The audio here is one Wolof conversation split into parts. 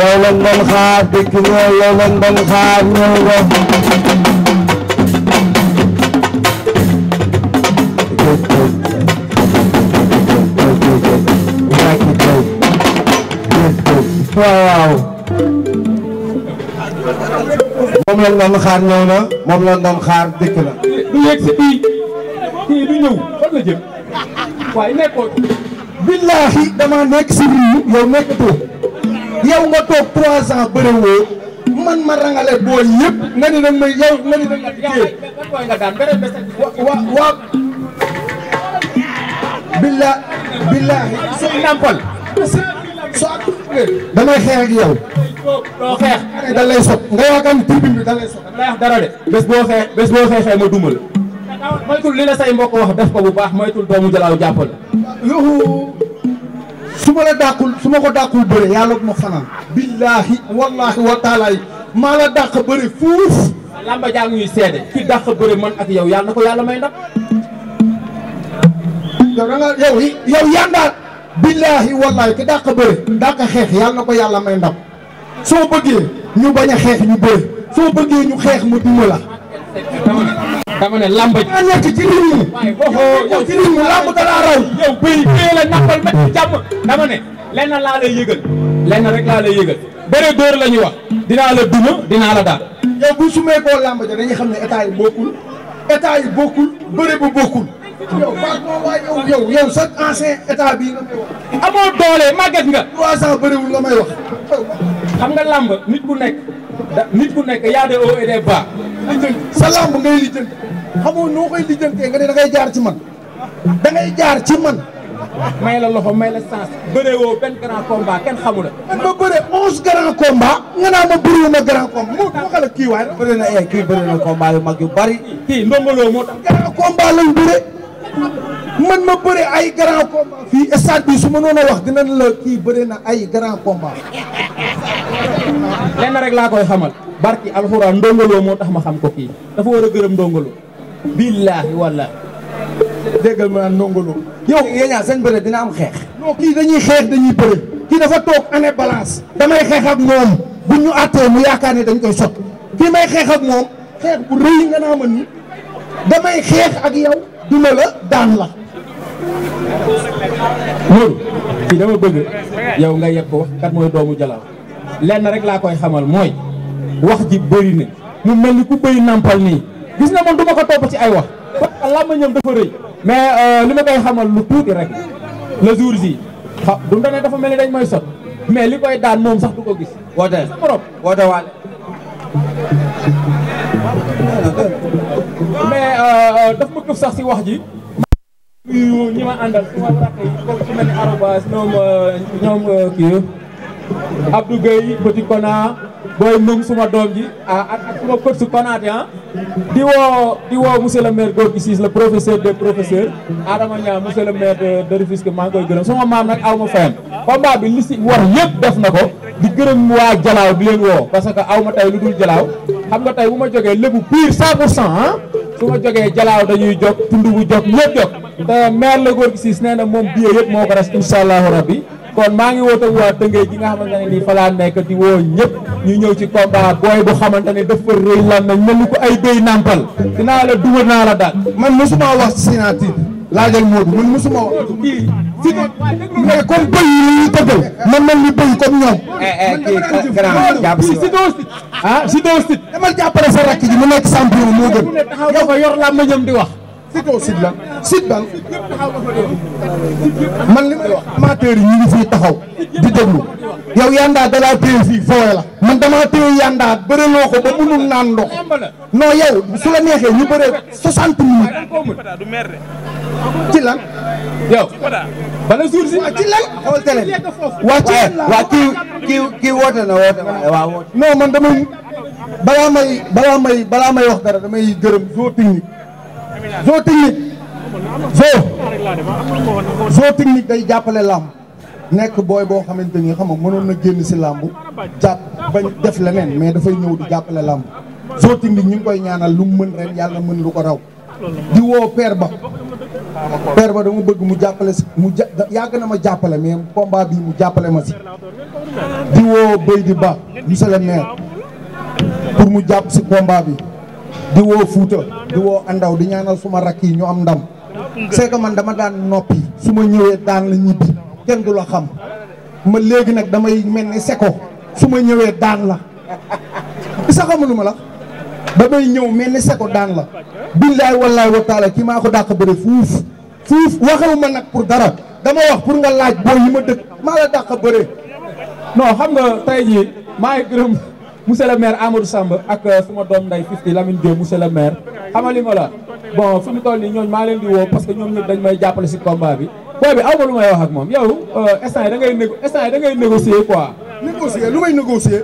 yow lañ doon xaar dikk ñëw yow lañ doon xaar ñëw nga. waaw. moom lañ doon xaar ñëw na moom lañ doon xaar dikk na. du yegg si bii kii du ñëw fan la jëm waaye nekkoon. billaahi dama nekk si biir yow nekkatoo. yow nga toog trois ans bëre woo man ma rangale booy yëpp nga ni dañ may yow nga ni dañ ma dikkee wa wa so damay xeex ak yow doo xeex da sob nga yaakaar ni tribune bi da sob dara de bés boo xeex bés boo xeexee ma duma la moytul li la say mbokk wax def ko bu baax moytul doomu jalaaw jàppal su ma la dàqul su ma ko dàqul bëre yàlla bu ma fanaan billaahi wallaahi wa taalaay maa la dàq bëre fuuf lamba jaa ngi ñuy seede ki dàq bëre man ak yow yàlla ko yàlla may ndam yow da nga yow yow yandaar billaahi wallaahi ki dàq bëre dàq xeex yàlla na ko yàlla may ndam soo bëggee ñu bañ a xeex ñu bëre soo bëggee ñu xeex mu duma la dama ne lamba ji. nekk ci nit ñi. yow ci nit ñi la nappal mën ci jàmm. dama ne lenn laa lay yëgal. lenn rek laa lay yëgal. bëre dóor la ñuy wax. dinaa la duma dinaa la daal. yow bu sumee koo lamba dañuy xam ne état yi bokkul. état yi bokkul bëre bu bokkul. yow sa ancien état bii nga may wax. amoo doole màgget nga. 300 bëriwul nga may wax. xam nga lamb nit ku nekk. nit ku nekk y a des et des bas. lijjanti sa lamb ngay lijjanti xamoo noo koy da jaar ci man da jaar ci man may la loxo may la sens bëree woo benn grand xamu la man ma bëree onze grand combat nga naa ma bëriwu ma grand combat moo kii waaye bëri na eh, kii bëri na combat yu mag yu bari kii ndongoloo moo ma bëri ay grand combat fii su ma noon a wax dinañ na ay grand rek laa koy xamal barki alxuraan ndongoloo moo tax ma xam ko kii dafa war a gërëm ndongoloo billaahi wallaahi déggal ma naan ndongoloo yow yéen ñaar seen bëre dina am xeex non kii dañuy xeex dañuy bëre kii dafa toog année balance damay xeex ak moom bu ñu àttee mu yaakaar ne dañ koy sot kii may xeex ak moom xeex bu rëy nga naa ma damay xeex ak yow duma la daan la loolu kii dama bëgg yow nga yegg ko wax kat mooy doomu jalaaw lenn rek laa koy xamal mooy wax ji bëri na mu mel ni ku bëy nàmpal nii gis na man du ma ko topp ci ay wax parce que làmmiñam dafa rëy mais euh, li ma koy xamal lu tuuti rek le jour ji xa du ne dafa mel ni dañ mooy sot mais li koy daan moom sax du ko gis woote sa morom woote mais euh, daf ma këf sax si wax ji ñu ñi ma àndal su booy nung suma doom ji ah ak suma coach su Konaté ah di woo di woo monsieur le maire Gorgui Ciss le professeur des professeurs Adama Niang monsieur le maire de Rufisque maa ngi koy gërëm suma maam nag aw ma fayam combat bi li si war yëpp def na ko di gërëm waa Jalaaw bi leen woo parce que aw ma tey lu dul Jalaaw xam nga tey bu ma jógee lépp pur 100 pour cent ah su ma Jalaaw dañuy jóg tund bu jóg ñëpp jóg te maire le Gorgui Ciss nee moom billet yëpp moo ko res incha allahu kon maa ngi woote waa Tëngéej gi nga xamante ne nii fa laa nekk di woo ñëpp ñu ñëw ci combat booy bu xamante ne dafa rëy lan nañ mel ni ko ay béy nàmpal dinaa la duma naa la daal man mosuma wax ci signature laajal Modou man mosuma wax kii si mais comme béy yi ñuy tëggal man mel ni béy comme ñoom eh, eh, kii grand jàpp si si doo sit ah si doo sit dama jàppale sa rakk ji mu nekk champion moo gën yow ko yor la ma di wax si la site ban man li may wax yi ñu ngi fii taxaw di déglu yow yandaa dalaa téye fii fooy man damaa téye yandaa bëreloo ko ba munul naan ndox non yow su la neexee ñu bëree 60 minutes ci lan. yow si ah, ci lan xool waa ci waa kii man damay balaa may balaa may balaa may wax dara damay gërëm zoo technique zoo zoo technique day jàppale làmb nekk booy boo xamante ni xam nga mënoon na génn si làmb jàpp bañ def leneen mais dafay ñëw di jàppale làmb zoo technique ñu ngi koy ñaanal lu mën ren yàlla mën lu ko raw di woo père ba père ba dama bëgg mu jàppale si mu ja yàgg na ma jàppale mais combat bi mu jàppale ma si di woo bëy di ba monsieur le maire pour mu jàpp si combat bi di woo Fouta di woo Andaw di ñaanal suma rakk yi ñu am ndam c'est que man dama daan noppi su ma ñëwee daan la ñibbi kenn du la xam ma léegi nag damay mel ni seko su ma ñëwee daan la isa xamulu ma la damay ñëw mel ni seko daan la billaay wallaay wa taala ki maa ko dàq bëre fuuf fuuf waxewu ma nag pour dara dama wax pour nga laaj boo yi ma dëkk maa la dàq bëre non xam nga tey jii maa ngi gërëm monsieur le maire Amadou Samb ak euh, suma doom nday Fifty Lamine Diop monsieur le maire xamali ma la bon fi mu toll nii ñooñu maa leen parce que ñoom ñëpp dañ may jàppale si combat bi booy bi aw ma lu may wax moom yow instant yi da ngay négo lu may négocier.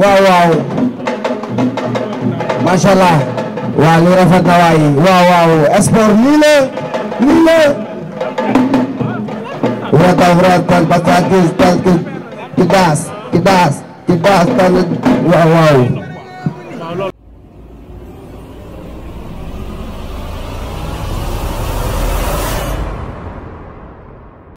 waaw waaw. macha allah. waaw li rafet na waay waaw waaw sport nii la nii ki daas ki daas. ci baas tamit waaw waaw